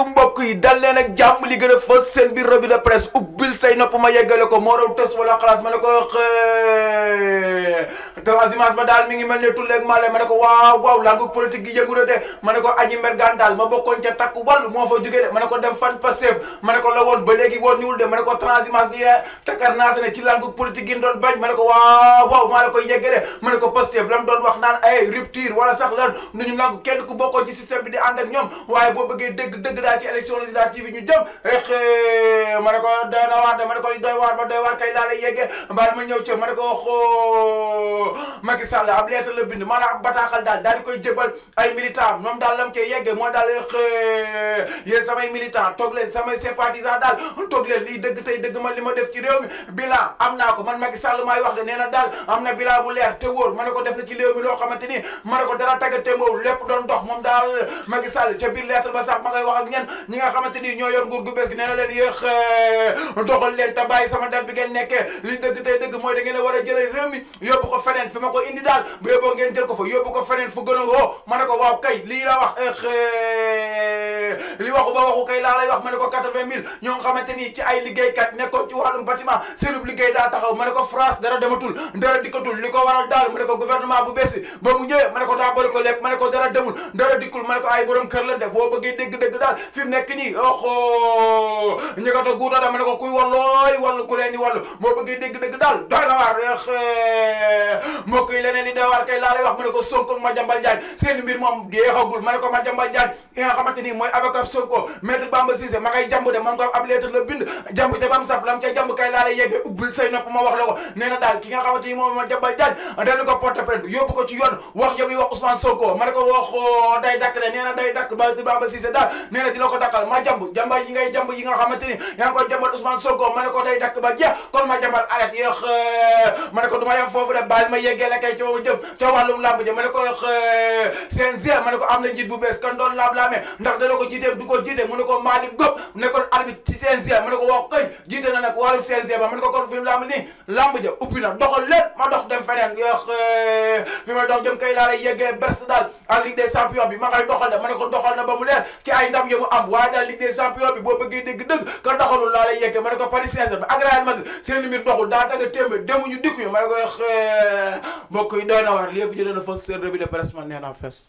asalaamaaleykum mbokk yi dal leen ak jàmm li gën a fës seen biir revue say nopp ma yeggale ko moo ngi mel ne ma ne ko waaw na de ma ne ko aji mbergaan daal ma bokkoon ca takk wàllu moo fa ne ko dem fan Pastef ma ne ko la woon ba léegi woon de ma ne ko transhumance gi takar ne ci langu politique gi doon bañ ma ne ko waaw waaw maa la koy yeggale ma ne ko Pastef lam doon wax naan ay eh, rupture wala sax nu ñu langu kenn ku bokkoon ci système bi di ànd ak waaye boo bëggee dëgg dëgg candidat ci élection législative yi ñu jëm eh, eh, ma ne ko doy na waar de ma ne ko doy waar ba doy waar kay laa lay yeggee mbaal ma ñëw ci ma ne ko xoo Macky Sall ab lettre la bind maanaam bataaxal daal daal di koy jébal ay militant moom daal lam cee yeggee moo daal eh, yéen samay militant toog leen samay sympathisant daal toog leen lii dëgg tey dëgg man li ma def ci réew mi bilan am naa ko man Macky Sall maay wax de nee na daal am na bilan bu leer te wóor ma ne ko def na ci réew mi loo xamante ni ma ne ko dara tagga témboow lépp doon dox moom daal Macky Sall ca biir lettre ba sax ma ngay wax ak ngeen ñi nga xamante ni ñoo yor nguur gu bees gi nee na leen yéex eh, doxal leen te sama date bi ngeen nekke li dëgg tey dëgg mooy da ngeen a war a jëlee réew ko feneen fi ma ko indi daal bu yóbboo ko feneen fu gën ma ne ko waaw kay lii la wax eh, eh, li waxu ba waxu kay laa lay ma ne ko quatre-vingt mille ñoo nga xamante ni ci ay liggéeykat nekkoon ci wàllum bâtiment seenub liggéey daa taxaw ma ne France dara dematul dara dikkatul li ko waral daal ma ne fi mu nekk nii oxo ñi ko guuta dama ne ko kuy wallooy wallu ku leen di wallu moo bëggee dégg-dégg daal doy na waar eh, mbokk yi leneen li doy waar kay laa lay wax mu ne ko Sonko Madiambal Diagne seen mbir moom jeexagul ma ne ko Madiambal Diagne ki nga xamante ni mooy avocat Sonko maître Bamba Cissé ma ngay jàmb de moom ko ab lettre la bind jàmb ca bam saf lam ca jàmb kay laa lay yeggee ubbil say nopp ma wax la ko nee na daal ki nga xamante ni moom Madiambal Diagne dañu ko porte plainte yóbbu ko ci yoon wax yow yi wax Ousmane Sonko ma ne ko waxoo day dakk le nee na day dakk maître Bamba Cissé daal nee na yëkkati la ko dakkal ma jamb jamba yi ngay jamb yi nga xamanteni ni ko jambal Ousmane sogo ma ko tey dakk ba jeex kon ma jambal alat yéex ya ya ya ma ne ko du ma yem foofu de baal ma yeggee la kay ci ma jëm ca wàllum làmb ja ma ne ko CNG ma ko am na bu bes kan don lamb lamé ndax dana ko jité du ko jité mu ne ko Malick Gop mu kon arbitre ci CNG ma ne ko wax kay jiite na nag wàllum CNG ba ma ne ko kon fi mu làmb nii làmb ja na doxal lépp ma dox dem feneen yéex fi ma dox jëm kay la lay yeggé bers dal en Ligue des champions bi ma ngay doxal de ma ko doxal na ba mu leer ci ay ndam yo mu am waa daal ligue des champions bi boo bëggee dégg dëgg ka doxalul laa lay yeggee ma ne ko Paris Saint-Germain doxul daa tagga téemé demuñu dikkuñu ma ne ko eh, mbokk yi doy na war léegi fi jëlee na fas seen revue de man nee naa fes